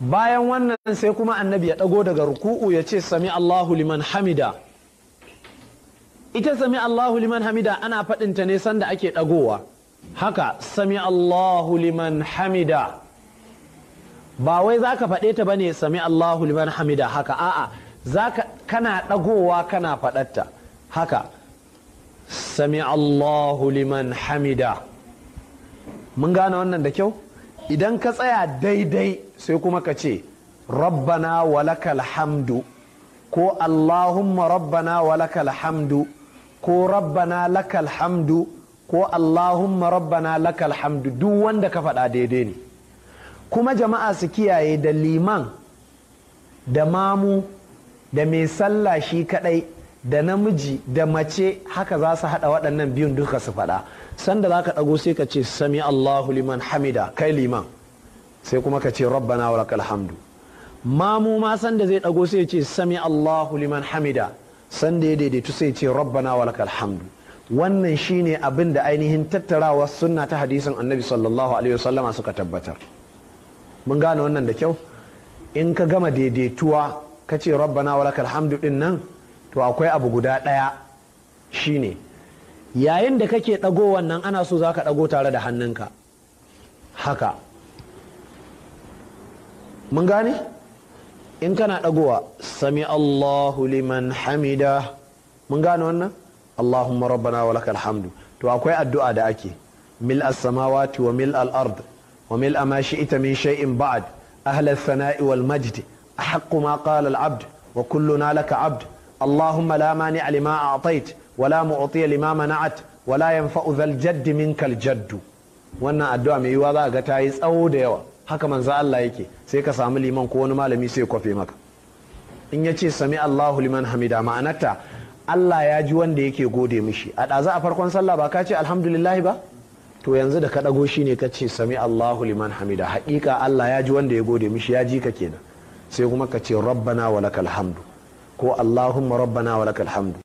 bayan wannan sai kuma annabi ya ɗago daga ruku'u ya ce sami Allahu liman hamida ita sami Allahu liman hamida ana faɗinta ne sanda ake ɗagowa haka sami Allahu liman hamida ba wai za ka faɗe ta ba ne sami Allahu liman hamida haka a'a za ka kana ɗagowa kana faɗatta haka sami Allahu liman hamida mun gane wannan da kyau idan ka tsaya daidai sai kuma ka ce rabbana walakal hamdu ko allahumma rabbana walakal hamdu ko rabbana lakal hamdu ko allahumma rabbana lakal hamdu duk wanda ka faɗa daidai ne kuma jama'a su kiyaye da liman da mamu da mai sallah shi kaɗai da namiji da mace haka za su haɗa waɗannan biyun duka su faɗa sanda za ka ɗago sai ka ce sami Allahu liman hamida kai liman sai kuma ka ce rabbana wa lakal mamu ma sanda zai ɗago sai ce sami Allahu liman hamida sanda ya daidaitu sai ce rabbana wa lakal hamdu wannan shine abin da ainihin tattarawa sunna ta hadisin annabi sallallahu alaihi wasallama suka tabbatar mun gane wannan da kyau in ka gama daidaituwa ka ce rabbana wa lakal hamdu din nan to akwai abu guda ɗaya shine yayin da kake ɗago wannan ana so za ka ɗago tare da hannunka haka mun gane in kana ɗagowa sami allahu liman hamida mun gane wannan allahumma rabbana wa lakal hamdu to akwai addu'a da ake mil as-samawati wa mil al-ard wa mil ma shi'ta min shay'in ba'd ahla as-sana'i wal majd ahqqu ma qala al-abd wa kulluna laka abd اللهم لا مانع لما أعطيت ولا معطي لما منعت ولا ينفع ذا الجد منك الجد wannan addu'a mai yiwuwa za ga ta yi tsawo da yawa haka manzo Allah yake sai ka samu liman ko wani malami sai kwafe maka in ya ce sami Allahu liman hamida ma'anarta Allah ya ji wanda yake gode mishi a ɗaza a farkon sallah ba ka ce alhamdulillahi ba to yanzu da ka ɗago shi ne ka ce sami Allahu liman hamida haƙiƙa Allah ya ji wanda ya gode mishi ya ji ka kenan sai kuma ka ce rabbana wa lakal hamdu ko Allahumma rabbana wa lakal hamdu